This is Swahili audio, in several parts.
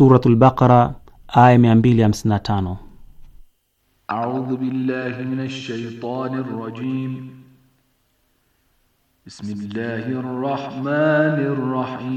Suratul Baqara aya 255. A'udhu billahi minash shaitani rrajim. Bismillahir rahmanir rahim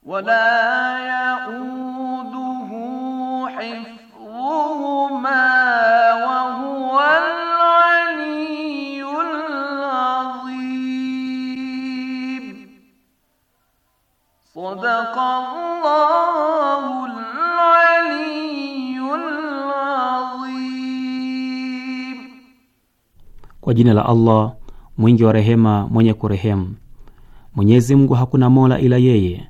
wala yauduhu hifdhuhuma wa huwa al-aliyyul azim. Sadaqallahu al-aliyyul azim. Kwa jina la Allah mwingi wa rehema mwenye kurehemu. Mwenyezi Mungu hakuna mola ila yeye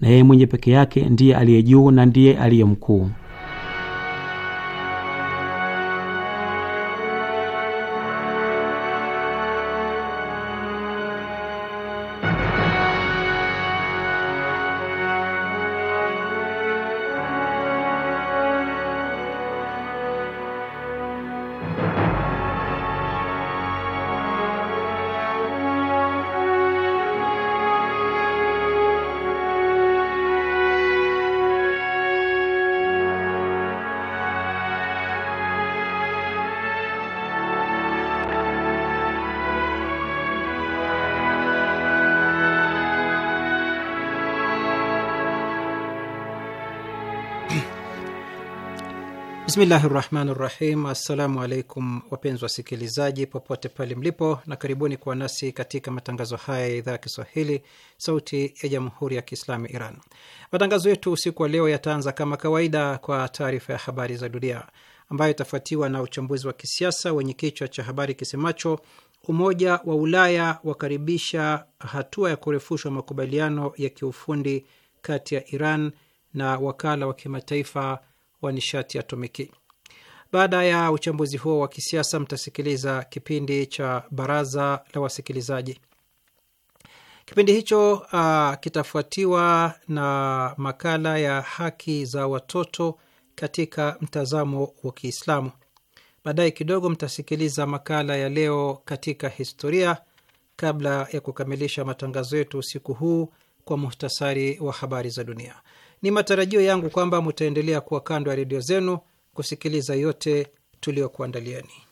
na yeye mwenye peke yake ndiye aliye juu na ndiye aliye mkuu. Bismillahi rahmani rahim. Assalamu alaikum wapenzi wasikilizaji popote pale mlipo, na karibuni kuwa nasi katika matangazo haya ya idhaa ya Kiswahili sauti ya jamhuri ya kiislamu Iran. Matangazo yetu usiku wa leo yataanza kama kawaida kwa taarifa ya habari za dunia ambayo itafuatiwa na uchambuzi wa kisiasa wenye kichwa cha habari kisemacho Umoja wa Ulaya wakaribisha hatua ya kurefushwa makubaliano ya kiufundi kati ya Iran na wakala wa kimataifa wa nishati atomiki. Baada ya uchambuzi huo wa kisiasa, mtasikiliza kipindi cha baraza la wasikilizaji. Kipindi hicho uh, kitafuatiwa na makala ya haki za watoto katika mtazamo wa Kiislamu. Baadaye kidogo mtasikiliza makala ya leo katika historia, kabla ya kukamilisha matangazo yetu usiku huu kwa muhtasari wa habari za dunia. Ni matarajio yangu kwamba mutaendelea kuwa kando ya redio zenu kusikiliza yote tuliyokuandalieni.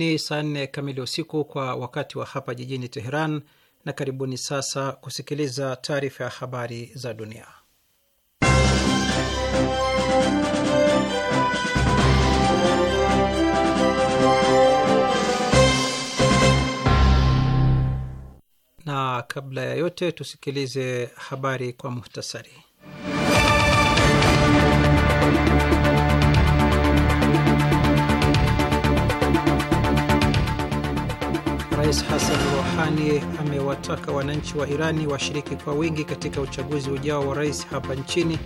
Ni saa nne kamili usiku kwa wakati wa hapa jijini Teheran, na karibuni sasa kusikiliza taarifa ya habari za dunia. Na kabla ya yote tusikilize habari kwa muhtasari. Rais Hassan Rouhani amewataka wananchi wa Irani washiriki kwa wingi katika uchaguzi ujao wa rais hapa nchini.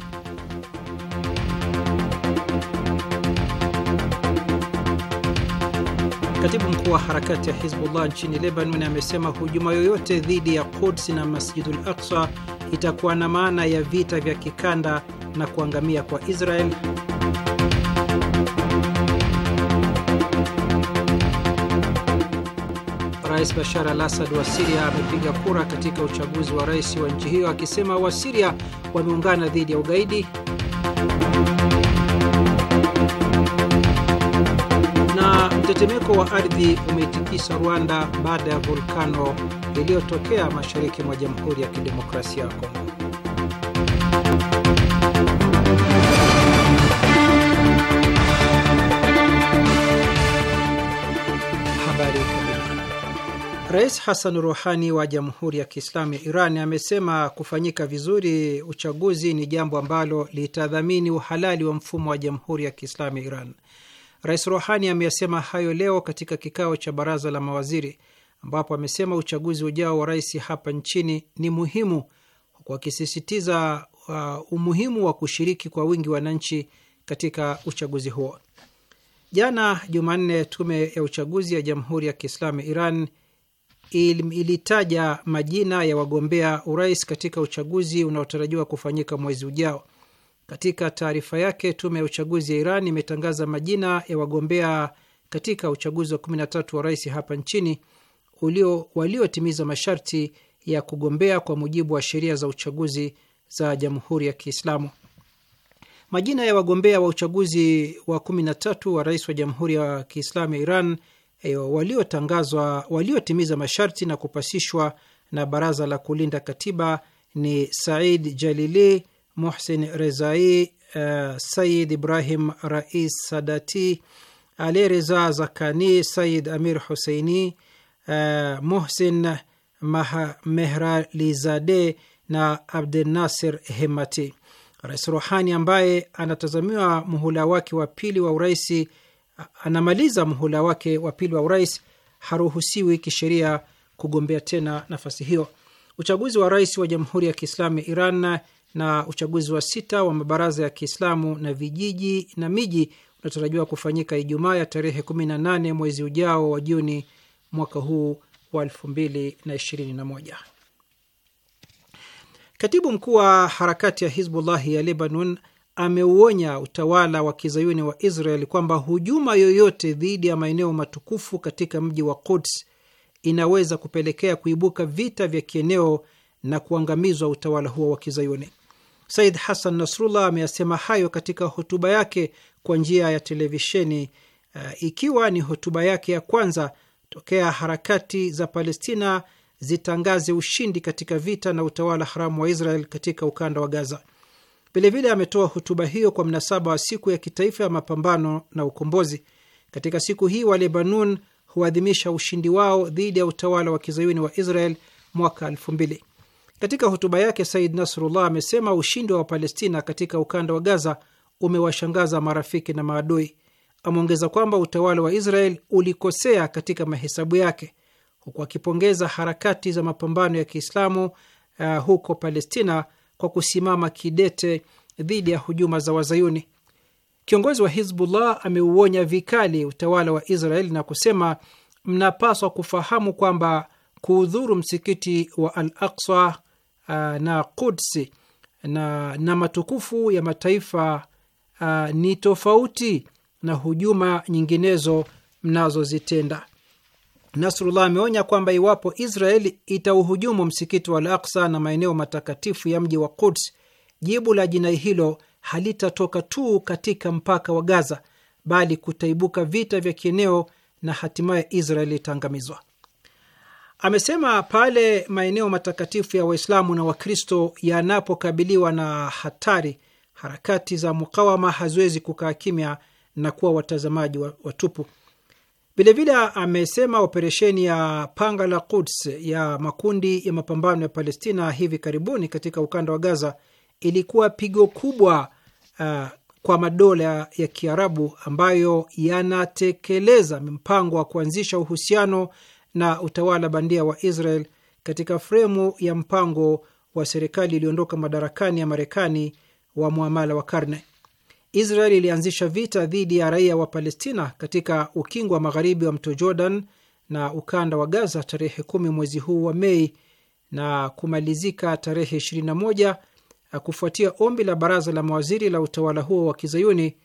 Katibu mkuu wa harakati ya Hizbullah nchini Lebanon amesema hujuma yoyote dhidi ya Quds na Masjidul Aqsa itakuwa na maana ya vita vya kikanda na kuangamia kwa Israel. Rais Bashar al Assad wa Siria amepiga kura katika uchaguzi wa rais wa nchi hiyo akisema Wasiria wameungana dhidi ya ugaidi. Na mtetemeko wa ardhi umeitikisa Rwanda baada ya volkano iliyotokea mashariki mwa Jamhuri ya Kidemokrasia ya Kongo. Rais Hassan Ruhani wa Jamhuri ya Kiislamu ya Iran amesema kufanyika vizuri uchaguzi ni jambo ambalo litadhamini uhalali wa mfumo wa Jamhuri ya Kiislamu ya Iran. Rais Ruhani ameyasema hayo leo katika kikao cha baraza la mawaziri, ambapo amesema uchaguzi ujao wa rais hapa nchini ni muhimu, huku akisisitiza uh, umuhimu wa kushiriki kwa wingi wananchi katika uchaguzi huo. Jana Jumanne, tume ya uchaguzi ya Jamhuri ya Kiislamu ya Iran ilitaja majina ya wagombea urais katika uchaguzi unaotarajiwa kufanyika mwezi ujao. Katika taarifa yake, tume ya uchaguzi ya Iran imetangaza majina ya wagombea katika uchaguzi wa 13 wa rais hapa nchini waliotimiza masharti ya kugombea kwa mujibu wa sheria za uchaguzi za Jamhuri ya Kiislamu. Majina ya wagombea wa uchaguzi wa 13 wa rais wa Jamhuri ya Kiislamu ya Iran waliotangazwa waliotimiza masharti na kupasishwa na Baraza la Kulinda Katiba ni Said Jalili, Muhsin Rezai, uh, Said Ibrahim Rais Sadati, Ali Reza Zakani, Said Amir Huseini, uh, eh, Muhsin Mehralizade na Abdel Nasir Hemati. Rais Rohani ambaye anatazamiwa muhula wake wa pili wa uraisi anamaliza mhula wake wa pili wa urais haruhusiwi kisheria kugombea tena nafasi hiyo. Uchaguzi wa rais wa Jamhuri ya Kiislamu ya Iran na uchaguzi wa sita wa mabaraza ya Kiislamu na vijiji na miji unatarajiwa kufanyika Ijumaa ya tarehe 18 mwezi ujao wa Juni mwaka huu wa 2021. Katibu mkuu wa harakati ya Hizbullahi ya Lebanon ameuonya utawala wa kizayuni wa Israel kwamba hujuma yoyote dhidi ya maeneo matukufu katika mji wa Quds inaweza kupelekea kuibuka vita vya kieneo na kuangamizwa utawala huo wa kizayuni. Said Hassan Nasrullah ameyasema hayo katika hotuba yake kwa njia ya televisheni, uh, ikiwa ni hotuba yake ya kwanza tokea harakati za Palestina zitangaze ushindi katika vita na utawala haramu wa Israel katika ukanda wa Gaza. Vilevile ametoa hotuba hiyo kwa mnasaba wa siku ya kitaifa ya mapambano na ukombozi. Katika siku hii wa Lebanon huadhimisha ushindi wao dhidi ya utawala wa kizayuni wa Israel mwaka elfu mbili. Katika hotuba yake Said Nasrullah amesema ushindi wa Wapalestina katika ukanda wa Gaza umewashangaza marafiki na maadui. Ameongeza kwamba utawala wa Israel ulikosea katika mahesabu yake, huku akipongeza harakati za mapambano ya Kiislamu uh, huko Palestina kwa kusimama kidete dhidi ya hujuma za Wazayuni. Kiongozi wa Hizbullah ameuonya vikali utawala wa Israeli na kusema, mnapaswa kufahamu kwamba kuudhuru msikiti wa Al Aksa uh, na Kudsi na, na matukufu ya mataifa uh, ni tofauti na hujuma nyinginezo mnazozitenda. Nasrullah ameonya kwamba iwapo Israeli itauhujumu msikiti wa Al Aksa na maeneo matakatifu ya mji wa Kuds, jibu la jinai hilo halitatoka tu katika mpaka wa Gaza, bali kutaibuka vita vya kieneo na hatimaye Israeli itaangamizwa. Amesema pale maeneo matakatifu ya Waislamu na Wakristo yanapokabiliwa na hatari, harakati za mukawama haziwezi kukaa kimya na kuwa watazamaji watupu. Vilevile amesema operesheni ya panga la Quds ya makundi ya mapambano ya Palestina hivi karibuni katika ukanda wa Gaza ilikuwa pigo kubwa uh, kwa madola ya Kiarabu ambayo yanatekeleza mpango wa kuanzisha uhusiano na utawala bandia wa Israel katika fremu ya mpango wa serikali iliyoondoka madarakani ya Marekani wa muamala wa karne. Israel ilianzisha vita dhidi ya raia wa Palestina katika ukingo wa magharibi wa mto Jordan na ukanda wa Gaza tarehe kumi mwezi huu wa Mei na kumalizika tarehe 21 eh, kufuatia ombi la baraza la mawaziri la utawala huo wa kizayuni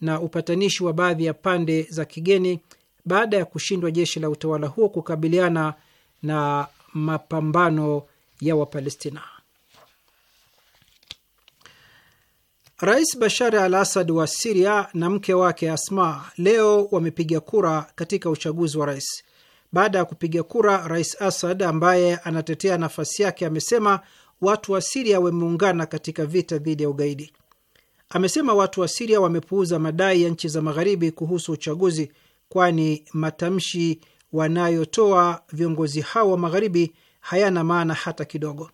na upatanishi wa baadhi ya pande za kigeni baada ya kushindwa jeshi la utawala huo kukabiliana na mapambano ya Wapalestina. Rais Bashar al Asad wa Siria na mke wake Asma leo wamepiga kura katika uchaguzi wa rais. Baada ya kupiga kura, Rais Asad ambaye anatetea nafasi yake amesema watu wa Siria wameungana katika vita dhidi ya ugaidi. Amesema watu wa Siria wamepuuza madai ya nchi za magharibi kuhusu uchaguzi, kwani matamshi wanayotoa viongozi hao wa magharibi hayana maana hata kidogo.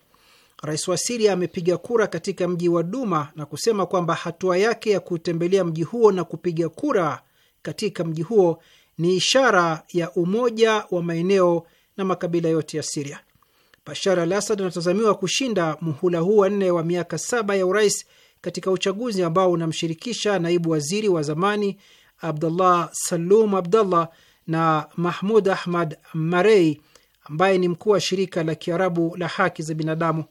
Rais wa Siria amepiga kura katika mji wa Duma na kusema kwamba hatua yake ya kutembelea mji huo na kupiga kura katika mji huo ni ishara ya umoja wa maeneo na makabila yote ya Siria. Bashar al Asad anatazamiwa kushinda muhula huu wa nne wa miaka saba ya urais katika uchaguzi ambao unamshirikisha naibu waziri wa zamani Abdullah Salum Abdullah na Mahmud Ahmad Marei ambaye ni mkuu wa shirika la Kiarabu la haki za binadamu.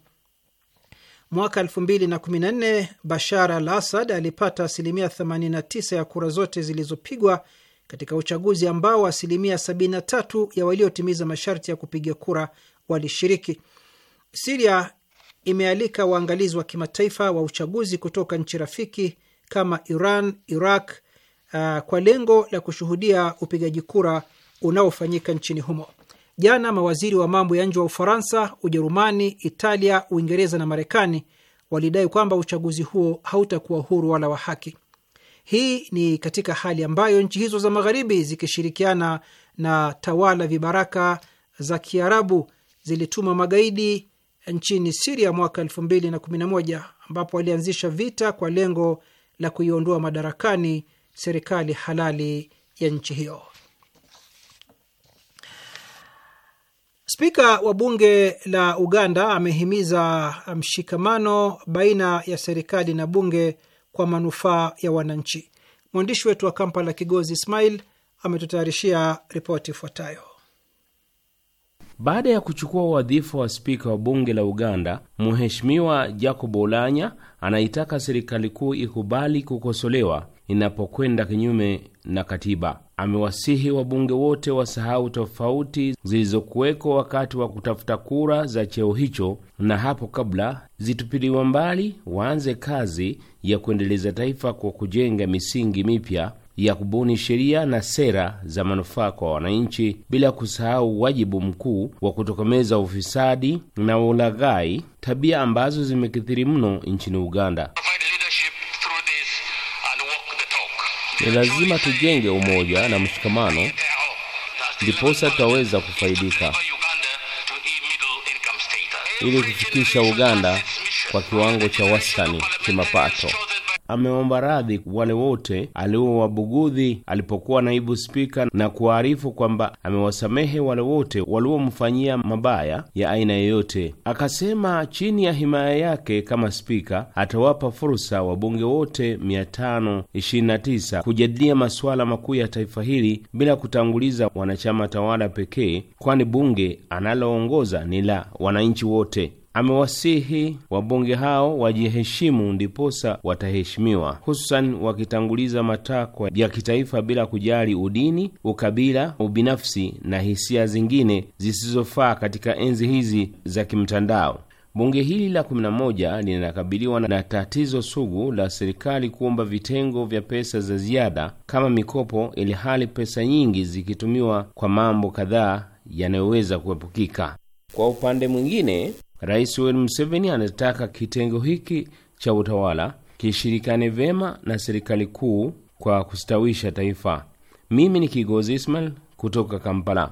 Mwaka 2014 Bashar al Asad alipata asilimia 89 ya kura zote zilizopigwa katika uchaguzi ambao asilimia 73 ya waliotimiza masharti ya kupiga kura walishiriki. Siria imealika waangalizi wa kimataifa wa uchaguzi kutoka nchi rafiki kama Iran, Iraq, uh, kwa lengo la kushuhudia upigaji kura unaofanyika nchini humo. Jana mawaziri wa mambo ya nje wa Ufaransa, Ujerumani, Italia, Uingereza na Marekani walidai kwamba uchaguzi huo hautakuwa huru wala wa haki. Hii ni katika hali ambayo nchi hizo za Magharibi zikishirikiana na tawala vibaraka za Kiarabu zilituma magaidi nchini Siria mwaka 2011 ambapo walianzisha vita kwa lengo la kuiondoa madarakani serikali halali ya nchi hiyo. Spika wa bunge la Uganda amehimiza um, mshikamano baina ya serikali na bunge kwa manufaa ya wananchi. Mwandishi wetu wa Kampala, Kigozi Ismail, ametutayarishia ripoti ifuatayo. Baada ya kuchukua wadhifa wa spika wa bunge la Uganda, Mheshimiwa Jacob Olanya anaitaka serikali kuu ikubali kukosolewa inapokwenda kinyume na katiba amewasihi wabunge wote wasahau tofauti zilizokuweko wakati wa kutafuta kura za cheo hicho, na hapo kabla zitupiliwa mbali, waanze kazi ya kuendeleza taifa kwa kujenga misingi mipya ya kubuni sheria na sera za manufaa kwa wananchi, bila kusahau wajibu mkuu wa kutokomeza ufisadi na ulaghai, tabia ambazo zimekithiri mno nchini Uganda. Ni lazima tujenge umoja na mshikamano, ndiposa tutaweza kufaidika ili kufikisha Uganda kwa kiwango cha wastani kimapato ameomba radhi wale wote aliowabugudhi alipokuwa naibu spika na kuwaarifu kwamba amewasamehe wale wote waliomfanyia mabaya ya aina yoyote. Akasema chini ya himaya yake kama spika atawapa fursa wabunge wote 529 kujadilia masuala makuu ya taifa hili bila kutanguliza wanachama tawala pekee, kwani bunge analoongoza ni la wananchi wote. Amewasihi wabunge hao wajiheshimu, ndiposa wataheshimiwa, hususan wakitanguliza matakwa ya kitaifa bila kujali udini, ukabila, ubinafsi na hisia zingine zisizofaa katika enzi hizi za kimtandao. Bunge hili la 11 linakabiliwa na tatizo sugu la serikali kuomba vitengo vya pesa za ziada kama mikopo, ili hali pesa nyingi zikitumiwa kwa mambo kadhaa yanayoweza kuepukika. Kwa upande mwingine Rais Yoweri Museveni anataka kitengo hiki cha utawala kishirikane vyema na serikali kuu kwa kustawisha taifa. Mimi ni Kigozi Ismail kutoka Kampala.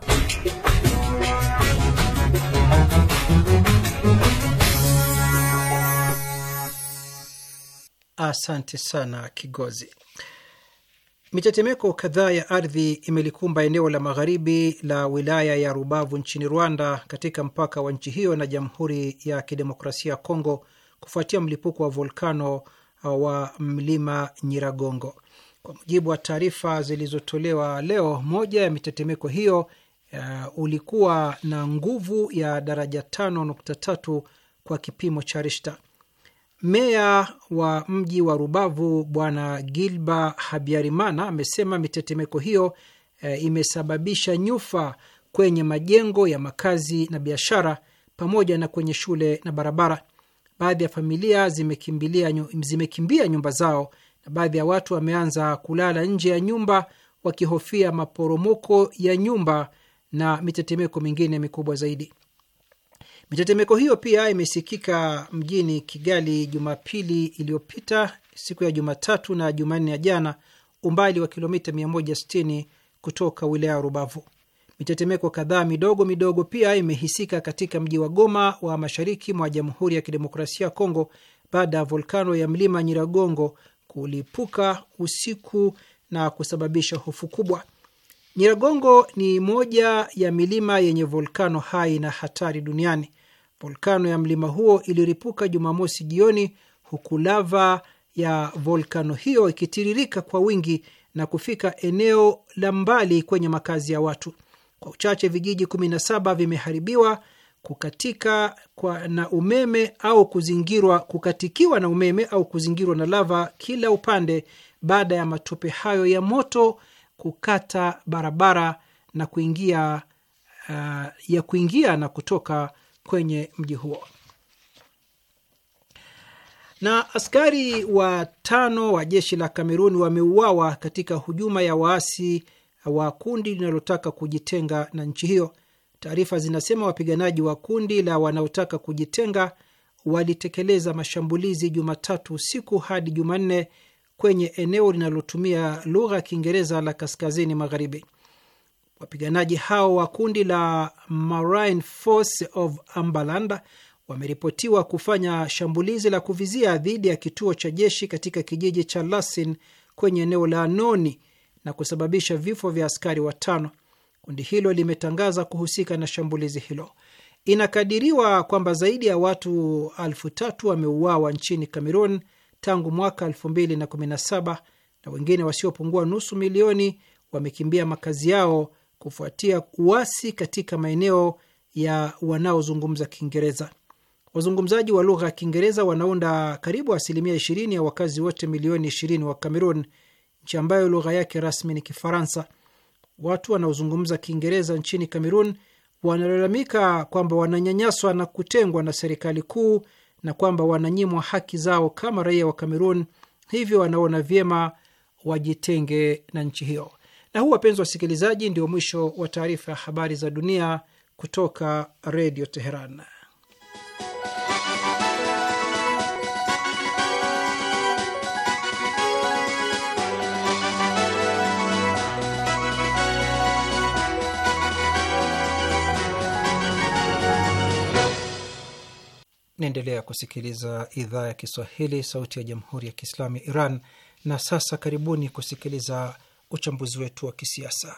Asante sana Kigozi. Mitetemeko kadhaa ya ardhi imelikumba eneo la magharibi la wilaya ya Rubavu nchini Rwanda, katika mpaka wa nchi hiyo na Jamhuri ya Kidemokrasia ya Kongo, kufuatia mlipuko wa volkano uh, wa mlima Nyiragongo. Kwa mujibu wa taarifa zilizotolewa leo, moja ya mitetemeko hiyo uh, ulikuwa na nguvu ya daraja 5.3 kwa kipimo cha Rishta. Meya wa mji wa Rubavu Bwana Gilba Habyarimana amesema mitetemeko hiyo e, imesababisha nyufa kwenye majengo ya makazi na biashara pamoja na kwenye shule na barabara. Baadhi ya familia zimekimbilia, zimekimbia nyumba zao na baadhi ya watu wameanza kulala nje ya nyumba wakihofia maporomoko ya nyumba na mitetemeko mingine mikubwa zaidi. Mitetemeko hiyo pia imesikika mjini Kigali Jumapili iliyopita, siku ya Jumatatu na Jumanne ya jana, umbali wa kilomita 160 kutoka wilaya ya Rubavu. Mitetemeko kadhaa midogo midogo pia imehisika katika mji wa Goma wa mashariki mwa Jamhuri ya Kidemokrasia ya Kongo baada ya volkano ya mlima Nyiragongo kulipuka usiku na kusababisha hofu kubwa. Nyiragongo ni moja ya milima yenye volkano hai na hatari duniani. Volkano ya mlima huo iliripuka Jumamosi jioni huku lava ya volkano hiyo ikitiririka kwa wingi na kufika eneo la mbali kwenye makazi ya watu. Kwa uchache vijiji 17 vimeharibiwa kukatika kwa na umeme au kuzingirwa kukatikiwa na umeme au kuzingirwa na lava kila upande baada ya matope hayo ya moto kukata barabara na kuingia uh, ya kuingia na kutoka kwenye mji huo. Na askari watano wa jeshi la Kameruni wameuawa katika hujuma ya waasi wa kundi linalotaka kujitenga na nchi hiyo. Taarifa zinasema wapiganaji wa kundi la wanaotaka kujitenga walitekeleza mashambulizi Jumatatu usiku hadi Jumanne kwenye eneo linalotumia lugha ya Kiingereza la kaskazini magharibi. Wapiganaji hao wa kundi la Marine Force of Ambaland wameripotiwa kufanya shambulizi la kuvizia dhidi ya kituo cha jeshi katika kijiji cha Lasin kwenye eneo la Noni na kusababisha vifo vya askari watano. Kundi hilo limetangaza kuhusika na shambulizi hilo. Inakadiriwa kwamba zaidi ya watu elfu tatu wameuawa nchini Cameroon tangu mwaka 2017 na wengine wasiopungua nusu milioni wamekimbia makazi yao kufuatia uasi katika maeneo ya wanaozungumza Kiingereza. Wazungumzaji wa lugha ya Kiingereza wanaunda karibu asilimia 20 ya wakazi wote milioni 20 wa Cameroon, nchi ambayo lugha yake rasmi ni Kifaransa. Watu wanaozungumza Kiingereza nchini cameron wanalalamika kwamba wananyanyaswa na kutengwa na serikali kuu na kwamba wananyimwa haki zao kama raia wa Kamerun, hivyo wanaona vyema wajitenge na nchi hiyo. Na huu, wapenzi wasikilizaji, ndio mwisho wa taarifa ya habari za dunia kutoka Redio Teheran. Naendelea kusikiliza idhaa ya Kiswahili, sauti ya jamhuri ya kiislamu ya Iran. Na sasa karibuni kusikiliza uchambuzi wetu wa kisiasa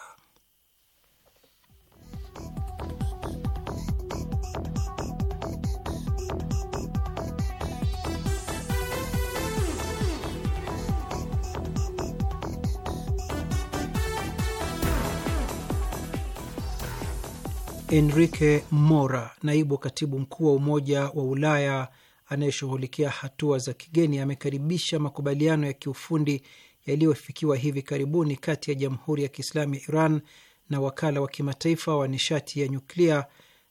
Enrique Mora, naibu katibu mkuu wa Umoja wa Ulaya anayeshughulikia hatua za kigeni, amekaribisha makubaliano ya kiufundi yaliyofikiwa hivi karibuni kati ya Jamhuri ya Kiislamu ya Iran na wakala wa kimataifa wa nishati ya nyuklia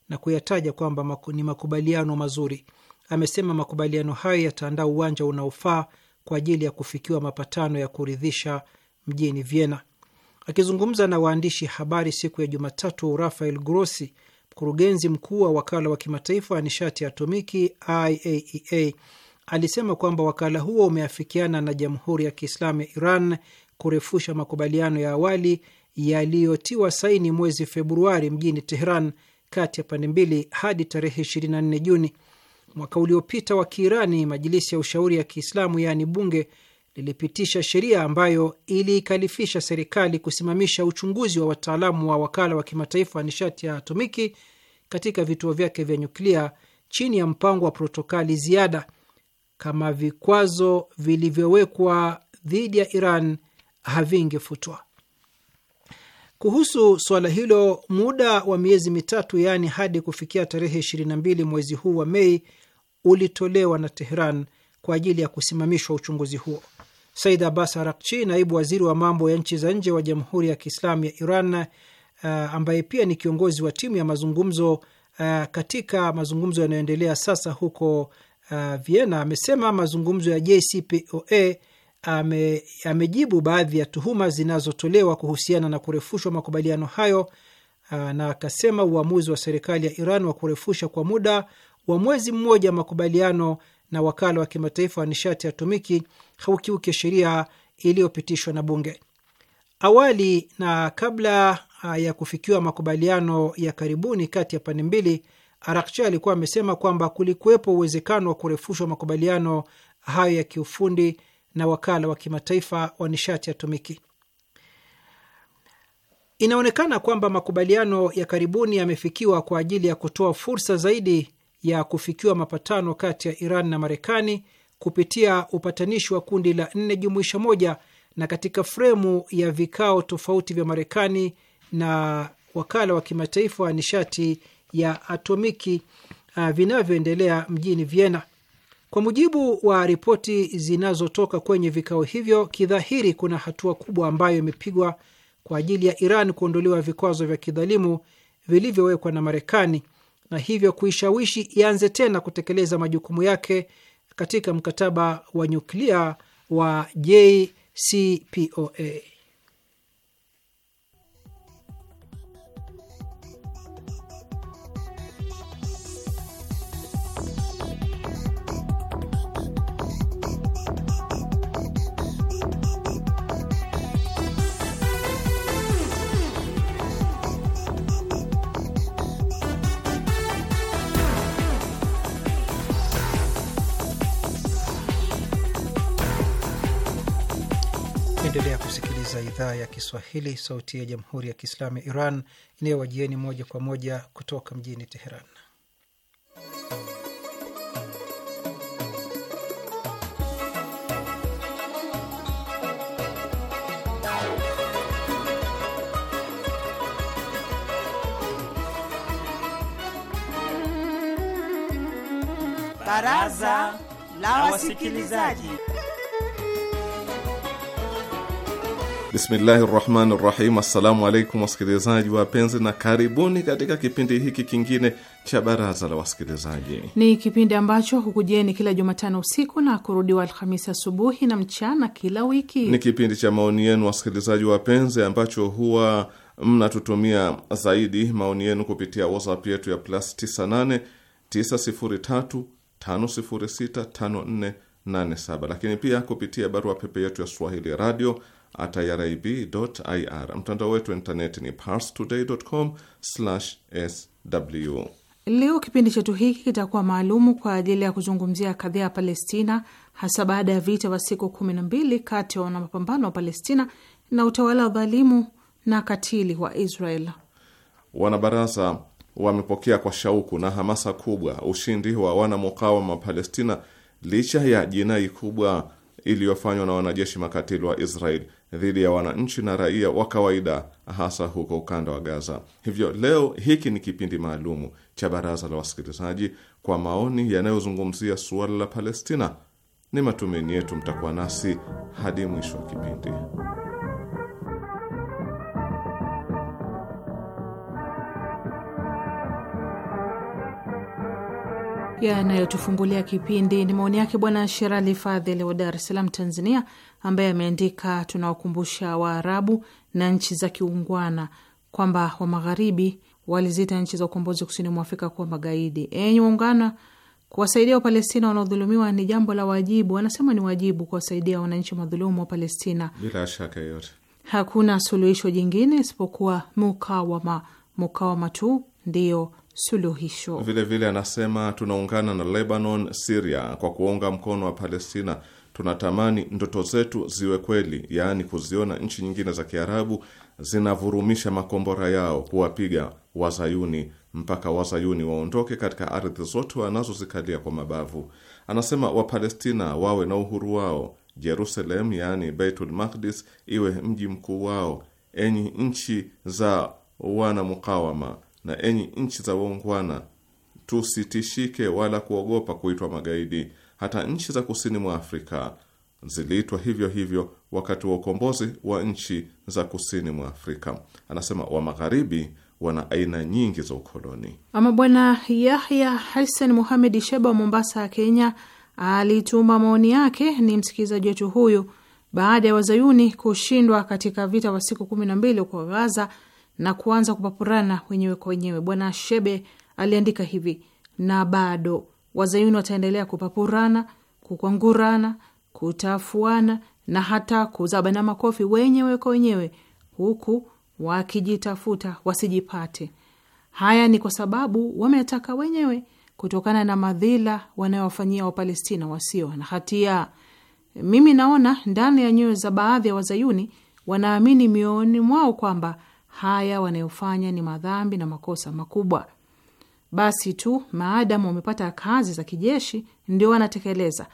na kuyataja kwamba ni makubaliano mazuri. Amesema makubaliano hayo yataandaa uwanja unaofaa kwa ajili ya kufikiwa mapatano ya kuridhisha mjini Vienna. Akizungumza na waandishi habari siku ya Jumatatu, Rafael Grossi, mkurugenzi mkuu wa wakala wa kimataifa wa nishati ya atomiki IAEA, e alisema kwamba wakala huo umeafikiana na Jamhuri ya Kiislamu ya Iran kurefusha makubaliano ya awali yaliyotiwa saini mwezi Februari mjini Teheran kati ya pande mbili hadi tarehe 24 Juni. Mwaka uliopita wa Kiirani, majilisi ya ushauri ya Kiislamu yaani bunge lilipitisha sheria ambayo iliikalifisha serikali kusimamisha uchunguzi wa wataalamu wa wakala wa kimataifa wa nishati ya atomiki katika vituo vyake vya nyuklia chini ya mpango wa protokali ziada kama vikwazo vilivyowekwa dhidi ya Iran havingefutwa. Kuhusu suala hilo, muda wa miezi mitatu, yaani hadi kufikia tarehe 22 mwezi huu wa Mei, ulitolewa na Teheran kwa ajili ya kusimamishwa uchunguzi huo. Said Abbas Arakchi, naibu waziri wa mambo ya nchi za nje wa Jamhuri ya Kiislamu ya Iran, uh, ambaye pia ni kiongozi wa timu ya mazungumzo uh, katika mazungumzo yanayoendelea sasa huko uh, Vienna, amesema mazungumzo ya JCPOA amejibu baadhi ya tuhuma zinazotolewa kuhusiana na kurefushwa makubaliano hayo uh, na akasema uamuzi wa serikali ya Iran wa kurefusha kwa muda wa mwezi mmoja makubaliano na wakala wa kimataifa wa nishati ya atomiki haukiuki sheria iliyopitishwa na bunge. Awali na kabla ah, ya kufikiwa makubaliano ya karibuni kati ya pande mbili, Arakchi alikuwa amesema kwamba kulikuwepo uwezekano wa kurefushwa makubaliano hayo ya kiufundi na wakala wa kimataifa wa nishati ya atomiki. Inaonekana kwamba makubaliano ya karibuni yamefikiwa kwa ajili ya kutoa fursa zaidi ya kufikiwa mapatano kati ya Iran na Marekani kupitia upatanishi wa kundi la nne jumuisha moja na katika fremu ya vikao tofauti vya Marekani na wakala wa kimataifa wa nishati ya atomiki uh, vinavyoendelea mjini Vienna. Kwa mujibu wa ripoti zinazotoka kwenye vikao hivyo, kidhahiri kuna hatua kubwa ambayo imepigwa kwa ajili ya Iran kuondolewa vikwazo vya kidhalimu vilivyowekwa na Marekani na hivyo kuishawishi ianze tena kutekeleza majukumu yake katika mkataba wa nyuklia wa JCPOA. za idhaa ya Kiswahili, sauti ya jamhuri ya kiislamu ya Iran inayowajieni moja kwa moja kutoka mjini Teheran. Baraza la Wasikilizaji. Bismillahi rahmani rahim. Assalamu alaikum wasikilizaji wapenzi, na karibuni katika kipindi hiki kingine cha baraza la wasikilizaji. Ni kipindi ambacho hukujeni kila Jumatano usiku na kurudiwa Alhamisi asubuhi na mchana kila wiki. Ni kipindi cha maoni yenu wasikilizaji wapenzi, ambacho huwa mnatutumia zaidi maoni yenu kupitia WhatsApp yetu ya plus 98 903 506 5487, lakini pia kupitia barua pepe yetu ya Swahili radio at irib.ir. Mtandao wetu wa intaneti ni parstoday.com/sw. Leo kipindi chetu hiki kitakuwa maalumu kwa ajili ya kuzungumzia kadhia ya Palestina, hasa baada ya vita vya siku kumi na mbili kati ya wanamapambano wa Palestina na utawala wa dhalimu na katili wa Israel. Wanabaraza wamepokea kwa shauku na hamasa kubwa ushindi wa wanamukawama wa Palestina licha ya jinai kubwa iliyofanywa na wanajeshi makatili wa Israel dhidi ya wananchi na raia wa kawaida hasa huko ukanda wa Gaza. Hivyo leo hiki ni kipindi maalumu cha baraza la wasikilizaji kwa maoni yanayozungumzia suala la Palestina. Ni matumaini yetu mtakuwa nasi hadi mwisho wa kipindi. Yanayotufungulia kipindi ni maoni yake Bwana Sherali Fadhili wa Dar es Salaam, Tanzania, ambaye ameandika, tunawakumbusha Waarabu na nchi za kiungwana kwamba wa magharibi walizita nchi za ukombozi kusini mwa Afrika kuwa magaidi. Enyi waungwana, kuwasaidia Wapalestina wanaodhulumiwa ni jambo la wajibu. Anasema ni wajibu kuwasaidia wananchi madhulumu wa Palestina. Bila shaka yote, hakuna suluhisho jingine isipokuwa mukawama. Mukawama tu ndiyo suluhisho. Vilevile vile anasema tunaungana na Lebanon, Siria kwa kuunga mkono wa Palestina tunatamani ndoto zetu ziwe kweli, yaani kuziona nchi nyingine za Kiarabu zinavurumisha makombora yao kuwapiga wazayuni mpaka wazayuni waondoke katika ardhi zote wanazozikalia kwa mabavu. Anasema Wapalestina wawe na uhuru wao, Jerusalem yaani Baitul Maqdis iwe mji mkuu wao. Enyi nchi za wana mukawama na enyi nchi za waungwana, tusitishike wala kuogopa kuitwa magaidi. Hata nchi za kusini mwa Afrika ziliitwa hivyo hivyo wakati wa ukombozi wa nchi za kusini mwa Afrika. Anasema wa magharibi wana aina nyingi za ukoloni. Ama Bwana Yahya Hassan Muhamed Sheba wa Mombasa, Kenya, alituma maoni yake. Ni msikilizaji wetu huyu. Baada ya wazayuni kushindwa katika vita wa siku kumi na mbili huko Gaza na kuanza kupapurana wenyewe kwa wenyewe, Bwana Shebe aliandika hivi: na bado Wazayuni wataendelea kupapurana, kukwangurana, kutafuana na hata kuzabana makofi wenyewe kwa wenyewe, huku wakijitafuta wasijipate. Haya ni kwa sababu wametaka wenyewe, kutokana na madhila wanayowafanyia Wapalestina wasio na hatia. Mimi naona ndani ya nyoyo za baadhi ya Wazayuni wanaamini mioyoni mwao kwamba haya wanayofanya ni madhambi na makosa makubwa basi tu maadamu wamepata kazi za kijeshi ndio wanatekeleza,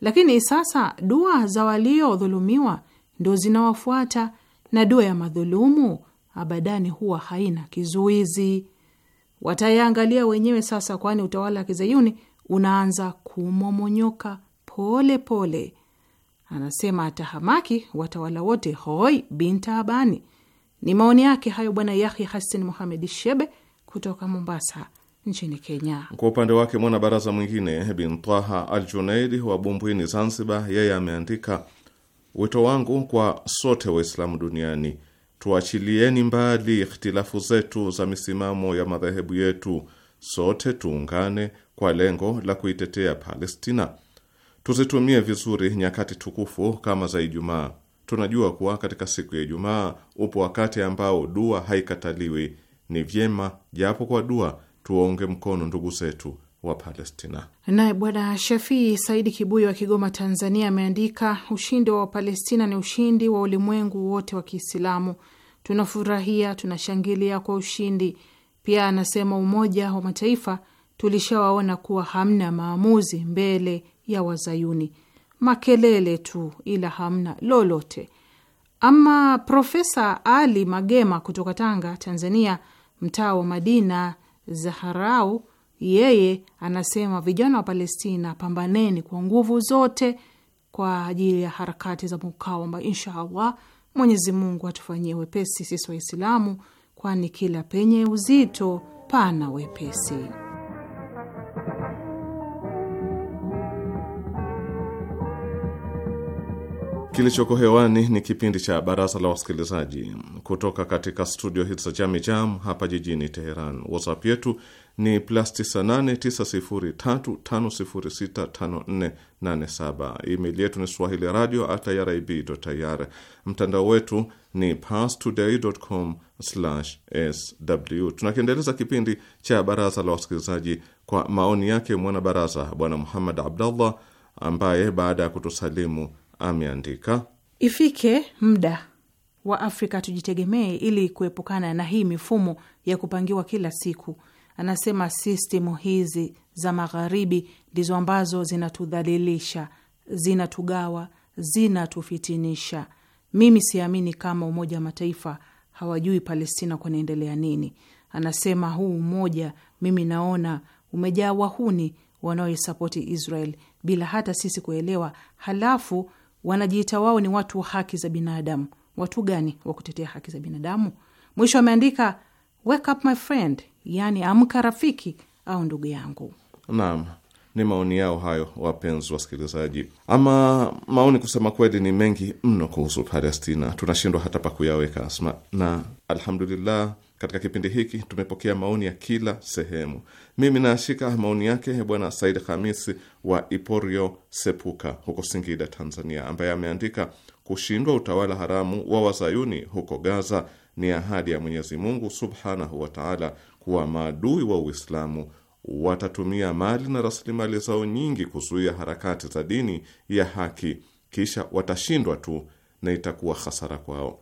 lakini sasa dua za waliodhulumiwa ndio zinawafuata, na dua ya madhulumu abadani huwa haina kizuizi. Watayaangalia wenyewe sasa, kwani utawala wa kizayuni unaanza kumomonyoka pole pole. Anasema atahamaki watawala wote hoi binta abani Ni maoni yake hayo Bwana Yahya Hasin Muhamed Shebe kutoka Mombasa nchini Kenya. Kwa upande wake mwanabaraza mwingine Bin Taha Al Junaid wa Bumbwini, Zanzibar, yeye ameandika wito wangu kwa sote Waislamu duniani, tuachilieni mbali ikhtilafu zetu za misimamo ya madhehebu yetu, sote tuungane kwa lengo la kuitetea Palestina. Tuzitumie vizuri nyakati tukufu kama za Ijumaa. Tunajua kuwa katika siku ya Ijumaa upo wakati ambao dua haikataliwi. Ni vyema japo kwa dua tuwaunge mkono ndugu zetu wa Palestina. Naye Bwana Shafii Saidi Kibuya wa Kigoma, Tanzania, ameandika ushindi wa Wapalestina ni ushindi wa ulimwengu wote wa Kiislamu. Tunafurahia, tunashangilia kwa ushindi. Pia anasema Umoja wa Mataifa tulishawaona kuwa hamna maamuzi mbele ya Wazayuni, makelele tu, ila hamna lolote. Ama Profesa Ali Magema kutoka Tanga, Tanzania, mtaa wa Madina Zaharau yeye anasema vijana wa Palestina, pambaneni kwa nguvu zote kwa ajili ya harakati za mukawama. Insha allah Mwenyezi Mungu atufanyie wepesi sisi Waislamu, kwani kila penye uzito pana wepesi. Kilichoko hewani ni kipindi cha baraza la wasikilizaji kutoka katika studio hizi za Jami Jam hapa jijini Teheran. WhatsApp yetu ni plus 989035065487. Email yetu ni swahili radio at irib ir. Mtandao wetu ni pastoday.com sw. Tunakiendeleza kipindi cha baraza la wasikilizaji kwa maoni yake mwana baraza Bwana Muhammad Abdallah ambaye baada ya kutusalimu ameandika ifike muda wa Afrika tujitegemee ili kuepukana na hii mifumo ya kupangiwa kila siku. Anasema sistimu hizi za magharibi ndizo ambazo zinatudhalilisha, zinatugawa, zinatufitinisha. Mimi siamini kama Umoja wa Mataifa hawajui Palestina kunaendelea nini. Anasema huu umoja, mimi naona umejaa wahuni wanaoisapoti Israel bila hata sisi kuelewa, halafu wanajiita wao ni watu wa haki za binadamu. Watu gani wa kutetea haki za binadamu? Mwisho ameandika wake up my friend, yaani amka rafiki au ndugu yangu. Naam. Ni maoni yao hayo, wapenzi wasikilizaji. Ama maoni kusema kweli ni mengi mno kuhusu Palestina, tunashindwa hata pa kuyaweka Asma, na alhamdulillah katika kipindi hiki tumepokea maoni ya kila sehemu. Mimi naashika maoni yake Bwana Said Hamisi wa Iporio Sepuka huko Singida, Tanzania, ambaye ameandika kushindwa utawala haramu wa wazayuni huko Gaza ni ahadi ya Mwenyezi Mungu subhanahu wataala kuwa maadui wa Uislamu watatumia mali na rasilimali zao nyingi kuzuia harakati za dini ya haki, kisha watashindwa tu na itakuwa hasara kwao.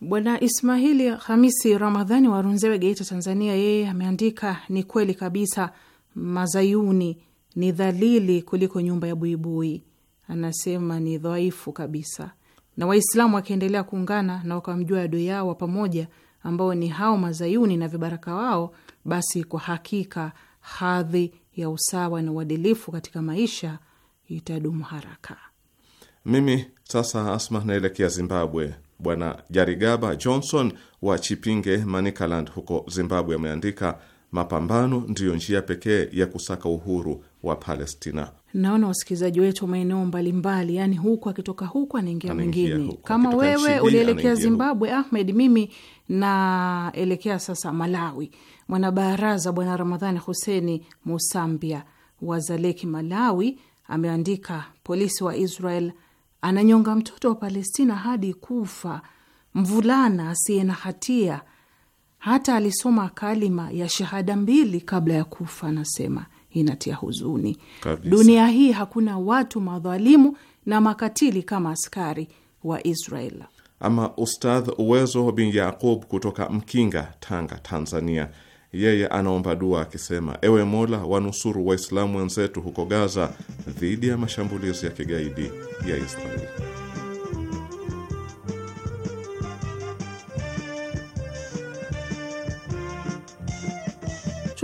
Bwana Ismaili Hamisi Ramadhani wa Runzewe, Geita, Tanzania, yeye ameandika ni kweli kabisa, mazayuni ni dhalili kuliko nyumba ya buibui. Anasema ni dhaifu kabisa, na Waislamu wakiendelea kuungana na wakamjua adui yao wa pamoja ambao ni hao mazayuni na vibaraka wao, basi kwa hakika hadhi ya usawa na uadilifu katika maisha itadumu haraka. Mimi sasa, Asma, naelekea Zimbabwe. Bwana Jarigaba Johnson wa Chipinge, Manicaland, huko Zimbabwe ameandika, mapambano ndiyo njia pekee ya kusaka uhuru wa Palestina. Naona wasikilizaji wetu wa maeneo mbalimbali, yaani huku akitoka huku anaingia mwingine. Kama wewe ulielekea Zimbabwe, Ahmed, mimi naelekea sasa Malawi Mwanabaraza Bwana Ramadhani Huseni Musambia wa Zaleki, Malawi, ameandika polisi wa Israel ananyonga mtoto wa Palestina hadi kufa, mvulana asiye na hatia, hata alisoma kalima ya shahada mbili kabla ya kufa. Anasema inatia huzuni kabisa. Dunia hii hakuna watu madhalimu na makatili kama askari wa Israel. Ama Ustadh Uwezo bin Yaqub kutoka Mkinga, Tanga, Tanzania, yeye anaomba dua akisema, ewe Mola, wanusuru Waislamu wenzetu huko Gaza dhidi ya mashambulizi ya kigaidi ya Israeli.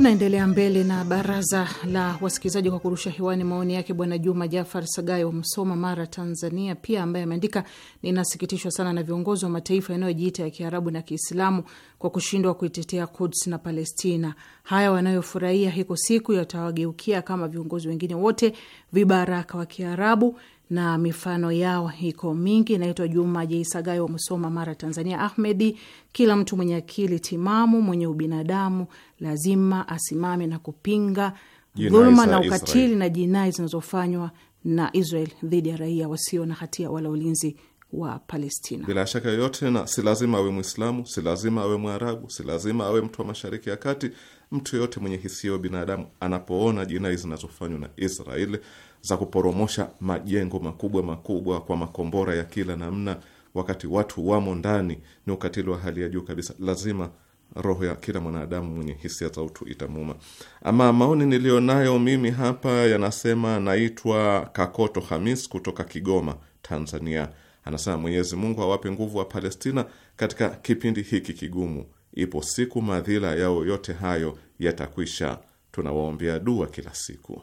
Tunaendelea mbele na baraza la wasikilizaji kwa kurusha hewani maoni yake Bwana Juma Jafar Sagai wa Msoma, Mara, Tanzania, pia ambaye ameandika, ninasikitishwa sana na viongozi wa mataifa yanayojiita ya Kiarabu na Kiislamu kwa kushindwa kuitetea Kuds na Palestina. Haya wanayofurahia, hiko siku yatawageukia kama viongozi wengine wote vibaraka wa Kiarabu na mifano yao iko mingi. Inaitwa Juma Jeisagai wa Musoma, Mara, Tanzania. Ahmedi, kila mtu mwenye akili timamu mwenye ubinadamu lazima asimame na kupinga dhuluma na ukatili Israel, na jinai zinazofanywa na Israel dhidi ya raia wasio na hatia wala ulinzi wa Palestina bila shaka yoyote. Na si lazima awe Mwislamu, si lazima awe Mwarabu, si lazima awe mtu wa Mashariki ya Kati. Mtu yoyote mwenye hisia ya binadamu anapoona jinai zinazofanywa na Israel za kuporomosha majengo makubwa makubwa kwa makombora ya kila namna, wakati watu wamo ndani, ni ukatili wa hali ya juu kabisa. Lazima roho ya kila mwanadamu mwenye hisia za utu itamuma. Ama maoni niliyo nayo mimi hapa yanasema, naitwa Kakoto Hamis kutoka Kigoma, Tanzania. Anasema Mwenyezi Mungu awape nguvu wa Palestina katika kipindi hiki kigumu. Ipo siku madhila yao yote hayo yatakwisha. Tunawaombea dua kila siku,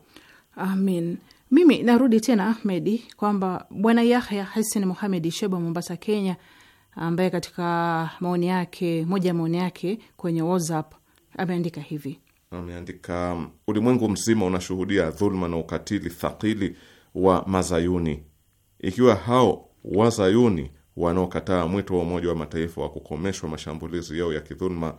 amin. Mimi narudi tena Ahmedi kwamba bwana Yahya Hasen Muhamedi Sheba, Mombasa, Kenya, ambaye katika maoni yake, moja ya maoni yake kwenye WhatsApp ameandika hivi, ameandika ulimwengu mzima unashuhudia dhuluma na ukatili thakili wa Mazayuni. Ikiwa hao Wazayuni wanaokataa mwito wa Umoja wa Mataifa wa kukomeshwa mashambulizi yao ya kidhuluma,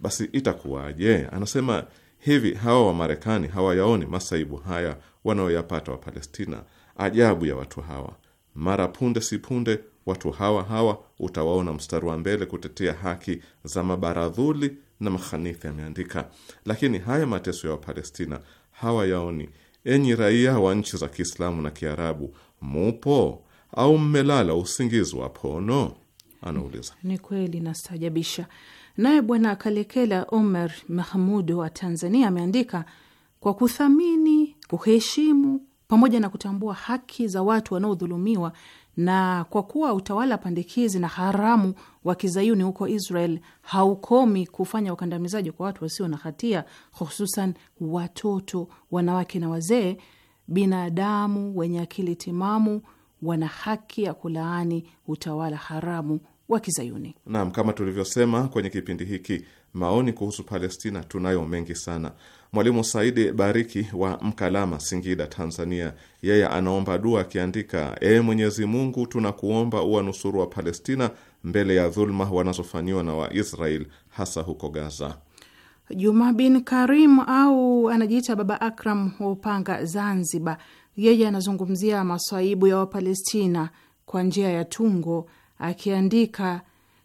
basi itakuwaje? Anasema Hivi hawa Wamarekani hawayaoni masaibu haya wanaoyapata Wapalestina? Ajabu ya watu hawa! Mara punde si punde watu hawa hawa utawaona mstari wa mbele kutetea haki za mabaradhuli na mahanithi, ameandika. Lakini haya mateso ya Wapalestina hawayaoni. Enyi raia wa nchi za Kiislamu na Kiarabu, mupo au mmelala usingizi wa pono? Anauliza. Ni kweli, nastajabisha. Naye Bwana Kalekela Omer Mahmud wa Tanzania ameandika kwa kuthamini, kuheshimu pamoja na kutambua haki za watu wanaodhulumiwa na kwa kuwa utawala pandikizi na haramu wa kizayuni huko Israel haukomi kufanya ukandamizaji kwa watu wasio na hatia, hususan watoto, wanawake na wazee, binadamu wenye akili timamu wana haki ya kulaani utawala haramu wa Kizayuni. Naam, kama tulivyosema kwenye kipindi hiki, maoni kuhusu Palestina tunayo mengi sana. Mwalimu Saidi Bariki wa Mkalama, Singida, Tanzania, yeye anaomba dua akiandika: Ee Mwenyezi Mungu, tunakuomba uwanusuru wa Palestina mbele ya dhuluma wanazofanyiwa na Waisrael, hasa huko Gaza. Juma bin Karim au anajiita Baba Akram wa Upanga, Zanzibar, yeye anazungumzia maswaibu ya Wapalestina kwa njia ya tungo akiandika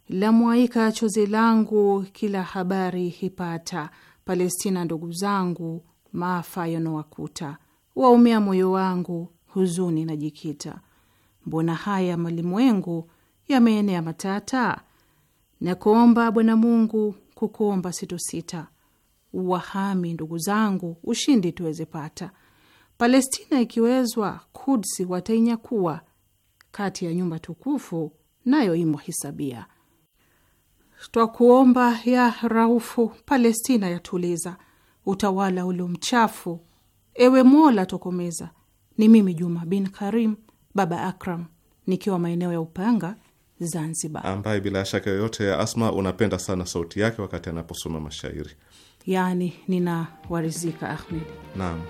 lamwaika chozi langu kila habari hipata, Palestina ndugu zangu, maafa yanawakuta waumia moyo wangu, huzuni najikita. Mbona haya malimwengu yameenea matata, nakuomba Bwana Mungu, kukuomba sitosita, wahami ndugu zangu, ushindi tuweze pata. Palestina ikiwezwa, Kudsi watainyakua, kati ya nyumba tukufu nayo imo hisabia. Twakuomba ya Raufu, Palestina yatuliza, utawala ulio mchafu, ewe Mola tokomeza. Ni mimi Juma bin Karim baba Akram nikiwa maeneo ya Upanga, Zanzibar, ambaye bila shaka yoyote ya Asma unapenda sana sauti yake wakati anaposoma mashairi. Yaani ninawarizika Ahmed. Naam.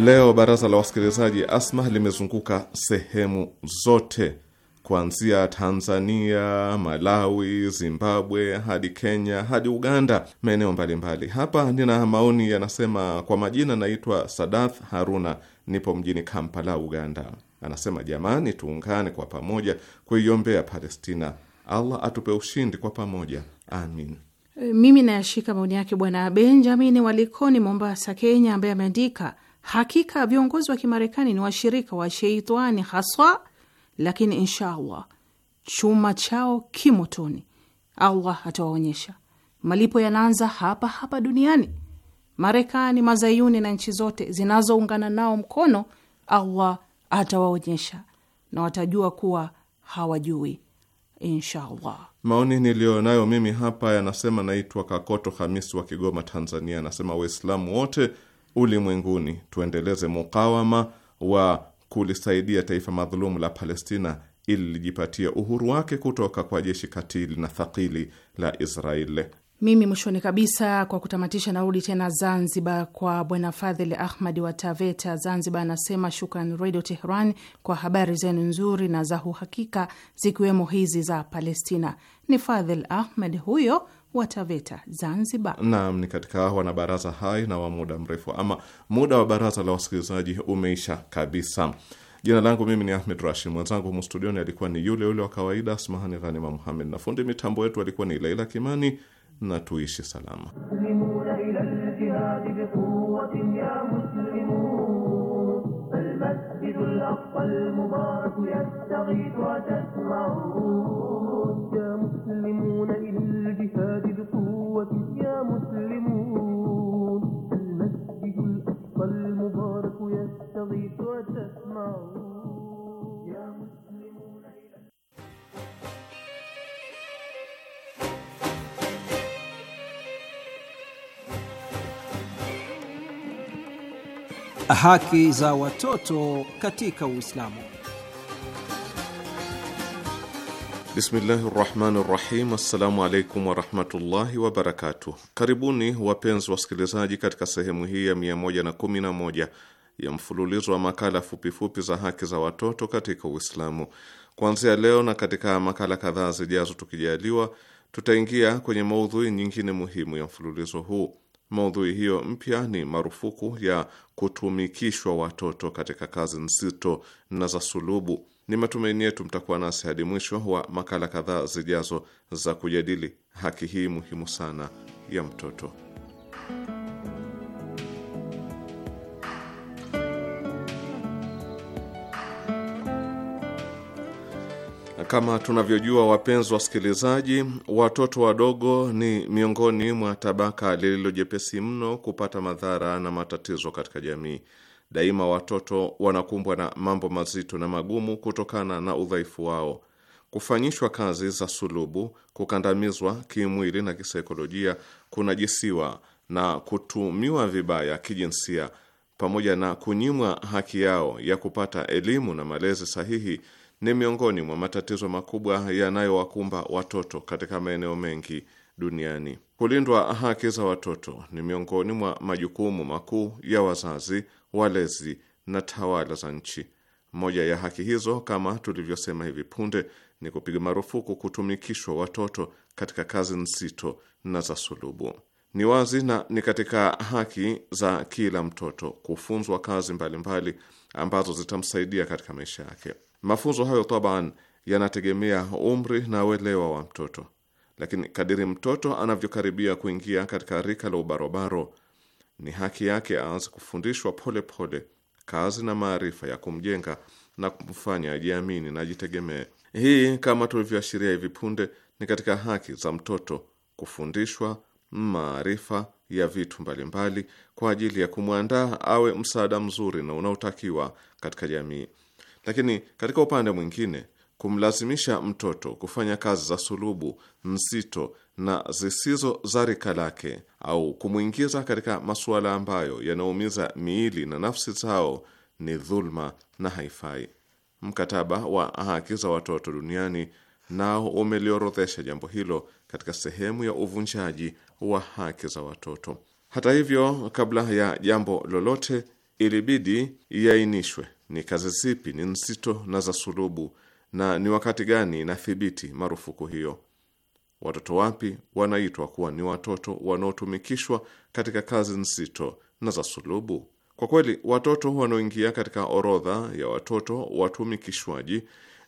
Leo baraza la wasikilizaji Asma limezunguka sehemu zote kuanzia Tanzania, Malawi, Zimbabwe hadi Kenya hadi Uganda, maeneo mbalimbali. Hapa nina maoni yanasema, kwa majina naitwa Sadath Haruna, nipo mjini Kampala, Uganda. Anasema, jamani, tuungane kwa pamoja kuiombea Palestina. Allah atupe ushindi kwa pamoja, amin. Mimi nayashika maoni yake Bwana Benjamin Walikoni, Mombasa, Kenya, ambaye ameandika Hakika viongozi wa Kimarekani ni washirika wa sheitani haswa, lakini insha allah chuma chao kimotoni. Allah atawaonyesha. Malipo yanaanza hapa hapa duniani. Marekani, Mazayuni na nchi zote zinazoungana nao mkono, Allah atawaonyesha na watajua kuwa hawajui, insha Maoni niliyo nayo mimi hapa yanasema, naitwa Kakoto Hamisi wa Kigoma, Tanzania. Anasema Waislamu wote ulimwenguni tuendeleze mukawama wa kulisaidia taifa madhulumu la Palestina ili lijipatie uhuru wake kutoka kwa jeshi katili na thakili la Israeli. Mimi mwishoni kabisa, kwa kutamatisha, narudi tena Zanzibar kwa bwana Fadhili Ahmad wa Taveta, Zanzibar. Anasema shukran Redio Teheran kwa habari zenu nzuri na za uhakika, zikiwemo hizi za Palestina. Ni Fadhil Ahmed huyo wa TAVETA Zanzibar. Naam, ni katika wanabaraza hai na wa muda mrefu, ama muda wa baraza la wasikilizaji umeisha kabisa. Jina langu mimi ni Ahmed Rashid, mwenzangu studioni alikuwa ni yule yule wa kawaida Asmahani Ghanima Muhamed, na fundi mitambo yetu alikuwa ni Laila Kimani, na tuishi salama. Haki za watoto katika Uislamu. Bismillahi rahmani rahim. Assalamu alaikum warahmatullahi wabarakatuh. Karibuni wapenzi wasikilizaji, katika sehemu hii ya 111 ya mfululizo wa makala fupifupi za haki za watoto katika Uislamu. Kuanzia leo na katika makala kadhaa zijazo, tukijaliwa, tutaingia kwenye maudhui nyingine muhimu ya mfululizo huu. Maudhui hiyo mpya ni marufuku ya kutumikishwa watoto katika kazi nzito na za sulubu. Ni matumaini yetu mtakuwa nasi hadi mwisho wa makala kadhaa zijazo za kujadili haki hii muhimu sana ya mtoto. Kama tunavyojua wapenzi wasikilizaji, watoto wadogo ni miongoni mwa tabaka lililojepesi mno kupata madhara na matatizo katika jamii. Daima watoto wanakumbwa na mambo mazito na magumu kutokana na udhaifu wao. Kufanyishwa kazi za sulubu, kukandamizwa kimwili na kisaikolojia, kunajisiwa na kutumiwa vibaya kijinsia, pamoja na kunyimwa haki yao ya kupata elimu na malezi sahihi ni miongoni mwa matatizo makubwa yanayowakumba watoto katika maeneo mengi duniani. Kulindwa haki za watoto ni miongoni mwa majukumu makuu ya wazazi, walezi na tawala za nchi. Moja ya haki hizo, kama tulivyosema hivi punde, ni kupiga marufuku kutumikishwa watoto katika kazi nzito na za sulubu. Ni wazi na ni katika haki za kila mtoto kufunzwa kazi mbalimbali mbali ambazo zitamsaidia katika maisha yake. Mafunzo hayo taban yanategemea umri na uelewa wa mtoto, lakini kadiri mtoto anavyokaribia kuingia katika rika la ubarobaro, ni haki yake aanze kufundishwa polepole pole, kazi na maarifa ya kumjenga na kumfanya ajiamini na ajitegemee. Hii kama tulivyoashiria hivi punde, ni katika haki za mtoto kufundishwa maarifa ya vitu mbalimbali mbali, kwa ajili ya kumwandaa awe msaada mzuri na unaotakiwa katika jamii. Lakini katika upande mwingine, kumlazimisha mtoto kufanya kazi za sulubu, nzito na zisizo za rika lake au kumwingiza katika masuala ambayo yanaumiza miili na nafsi zao ni dhulma na haifai. Mkataba wa haki za watoto duniani nao umeliorodhesha jambo hilo katika sehemu ya uvunjaji wa haki za watoto. Hata hivyo, kabla ya jambo lolote, ilibidi iainishwe ni kazi zipi ni nzito na za sulubu, na ni wakati gani inathibiti marufuku hiyo. Watoto wapi wanaitwa kuwa ni watoto wanaotumikishwa katika kazi nzito na za sulubu? Kwa kweli watoto wanaoingia katika orodha ya watoto watumikishwaji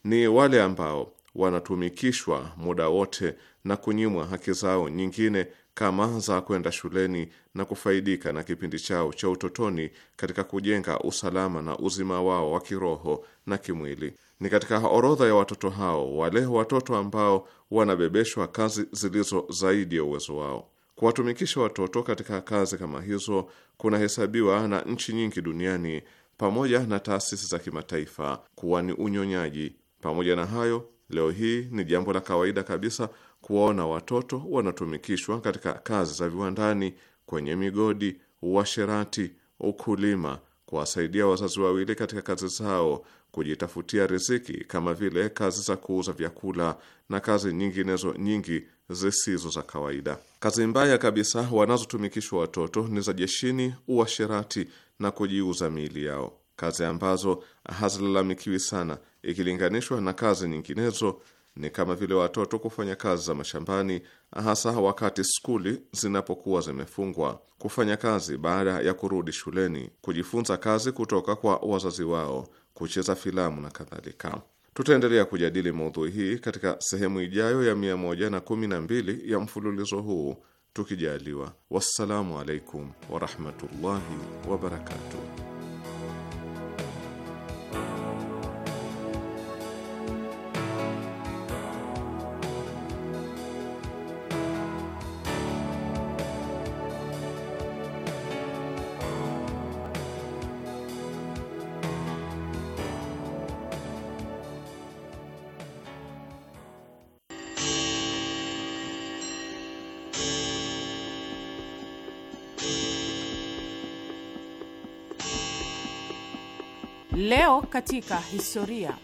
ni wale ambao wanatumikishwa muda wote na kunyimwa haki zao nyingine kama za kwenda shuleni na kufaidika na kipindi chao cha utotoni katika kujenga usalama na uzima wao wa kiroho na kimwili. Ni katika orodha ya watoto hao wale watoto ambao wanabebeshwa kazi zilizo zaidi ya uwezo wao. Kuwatumikisha watoto katika kazi kama hizo kunahesabiwa na nchi nyingi duniani pamoja na taasisi za kimataifa kuwa ni unyonyaji. Pamoja na hayo, leo hii ni jambo la kawaida kabisa kuwaona watoto wanatumikishwa katika kazi za viwandani, kwenye migodi, uasherati, ukulima, kuwasaidia wazazi wawili katika kazi zao, kujitafutia riziki kama vile kazi za kuuza vyakula na kazi nyinginezo nyingi zisizo za kawaida. Kazi mbaya kabisa wanazotumikishwa watoto ni za jeshini, uasherati na kujiuza miili yao, kazi ambazo hazilalamikiwi sana ikilinganishwa na kazi nyinginezo ni kama vile watoto kufanya kazi za mashambani, hasa wakati skuli zinapokuwa zimefungwa, kufanya kazi baada ya kurudi shuleni, kujifunza kazi kutoka kwa wazazi wao, kucheza filamu na kadhalika. Tutaendelea kujadili maudhui hii katika sehemu ijayo ya mia moja na kumi na mbili ya mfululizo huu tukijaliwa. Wassalamu alaikum warahmatullahi wabarakatuh. katika historia.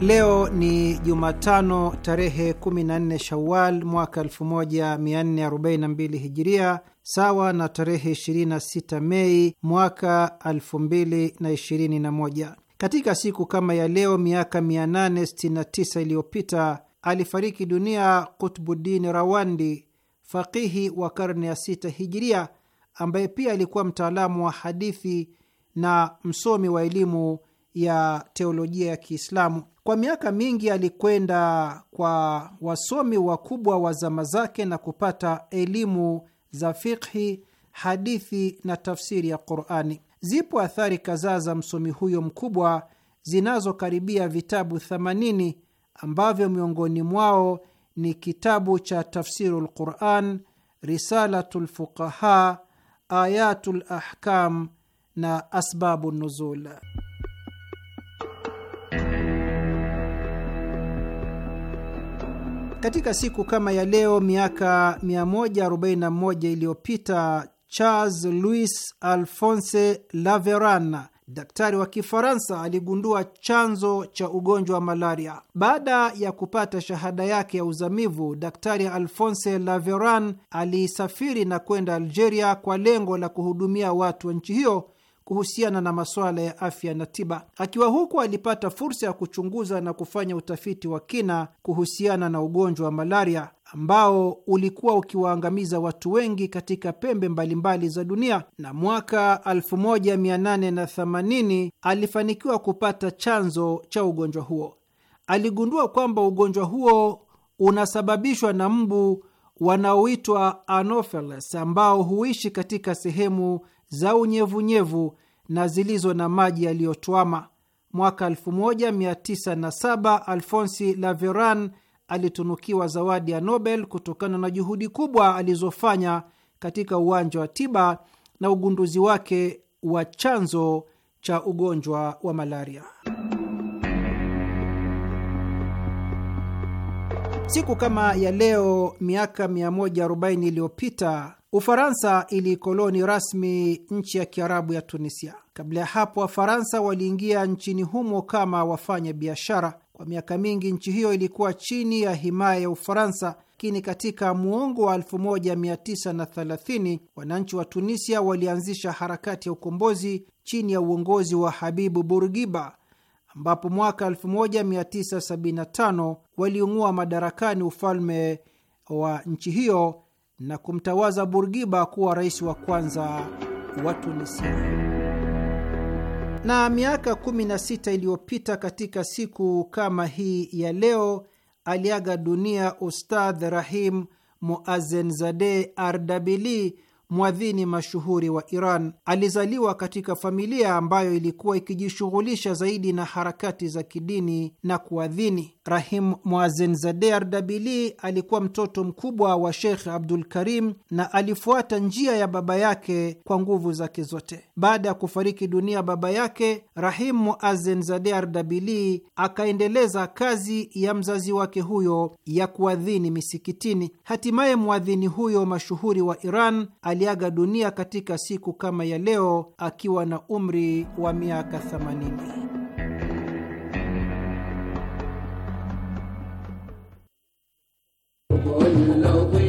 Leo ni Jumatano tarehe 14 Shawal mwaka 1442 Hijiria, sawa na tarehe 26 Mei mwaka 2021. Katika siku kama ya leo miaka 869 iliyopita alifariki dunia Kutbuddin Rawandi, faqihi wa karne ya sita Hijiria, ambaye pia alikuwa mtaalamu wa hadithi na msomi wa elimu ya teolojia ya Kiislamu. Kwa miaka mingi alikwenda kwa wasomi wakubwa wa zama zake na kupata elimu za fikhi, hadithi na tafsiri ya Qurani. Zipo athari kadhaa za msomi huyo mkubwa zinazokaribia vitabu 80 ambavyo miongoni mwao ni kitabu cha Tafsiru lquran, Risalatu lfuqaha, Ayatu lahkam na asbabu nuzul. Katika siku kama ya leo miaka 141 iliyopita Charles Louis Alphonse Laveran, daktari wa Kifaransa, aligundua chanzo cha ugonjwa wa malaria. Baada ya kupata shahada yake ya uzamivu, Daktari Alphonse Laveran alisafiri na kwenda Algeria kwa lengo la kuhudumia watu wa nchi hiyo kuhusiana na masuala ya afya na tiba. Akiwa huko, alipata fursa ya kuchunguza na kufanya utafiti wa kina kuhusiana na ugonjwa wa malaria ambao ulikuwa ukiwaangamiza watu wengi katika pembe mbalimbali za dunia, na mwaka 1880 alifanikiwa kupata chanzo cha ugonjwa huo. Aligundua kwamba ugonjwa huo unasababishwa na mbu wanaoitwa Anopheles ambao huishi katika sehemu za unyevunyevu na zilizo na maji yaliyotwama. Mwaka 1907 Alfonsi Laveran alitunukiwa zawadi ya Nobel kutokana na juhudi kubwa alizofanya katika uwanja wa tiba na ugunduzi wake wa chanzo cha ugonjwa wa malaria. Siku kama ya leo miaka 140 iliyopita Ufaransa ilikoloni rasmi nchi ya kiarabu ya Tunisia. Kabla ya hapo, Wafaransa waliingia nchini humo kama wafanya biashara. Kwa miaka mingi, nchi hiyo ilikuwa chini ya himaya ya Ufaransa, lakini katika muongo wa 1930 wananchi wa Tunisia walianzisha harakati ya ukombozi chini ya uongozi wa Habibu Burgiba, ambapo mwaka 1975 waliungua madarakani ufalme wa nchi hiyo na kumtawaza Burgiba kuwa rais wa kwanza wa Tunisia. Na miaka 16 iliyopita katika siku kama hii ya leo aliaga dunia Ustadh Rahim muazenzade Ardabili, mwadhini mashuhuri wa Iran. Alizaliwa katika familia ambayo ilikuwa ikijishughulisha zaidi na harakati za kidini na kuadhini. Rahim Zade Ardabili alikuwa mtoto mkubwa wa Sheikh Abdul Karim na alifuata njia ya baba yake kwa nguvu zake zote. Baada ya kufariki dunia baba yake, Rahim Zade Ardabili akaendeleza kazi ya mzazi wake huyo ya kuadhini misikitini. Hatimaye mwadhini huyo mashuhuri wa Iran aliaga dunia katika siku kama ya leo akiwa na umri wa miaka 80. Boy, we.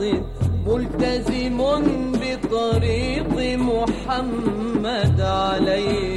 البسيط ملتزم بطريق محمد عليه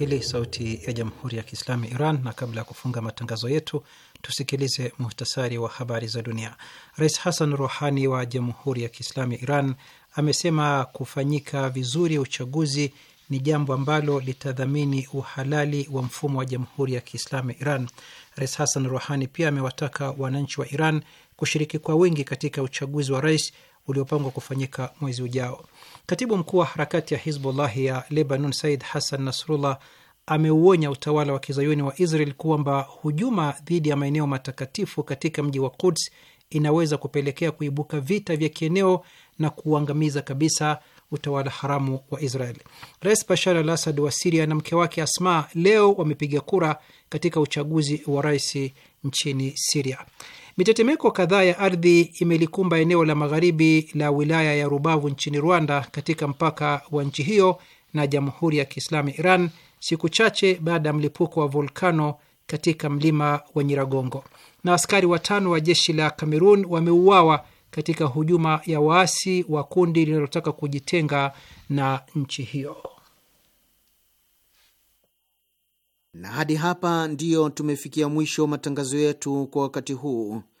Kiswahili, sauti ya jamhuri ya kiislamu ya Iran. Na kabla ya kufunga matangazo yetu, tusikilize muhtasari wa habari za dunia. Rais Hassan Rohani wa jamhuri ya kiislamu ya Iran amesema kufanyika vizuri uchaguzi ni jambo ambalo litadhamini uhalali wa mfumo wa jamhuri ya kiislamu ya Iran. Rais Hassan Rohani pia amewataka wananchi wa Iran kushiriki kwa wingi katika uchaguzi wa rais uliopangwa kufanyika mwezi ujao. Katibu mkuu wa harakati ya Hizbullah ya Lebanon, Said Hassan Nasrullah, ameuonya utawala wa kizayuni wa Israel kwamba hujuma dhidi ya maeneo matakatifu katika mji wa Quds inaweza kupelekea kuibuka vita vya kieneo na kuuangamiza kabisa utawala haramu wa Israel. Rais Bashar al Assad wa Siria na mke wake Asma leo wamepiga kura katika uchaguzi wa rais nchini Siria. Mitetemeko kadhaa ya ardhi imelikumba eneo la magharibi la wilaya ya Rubavu nchini Rwanda, katika mpaka wa nchi hiyo na Jamhuri ya Kiislamu Iran, siku chache baada ya mlipuko wa volkano katika mlima wa Nyiragongo. Na askari watano wa jeshi la Kamerun wameuawa katika hujuma ya waasi wa kundi linalotaka kujitenga na nchi hiyo. Na hadi hapa ndiyo tumefikia mwisho matangazo yetu kwa wakati huu.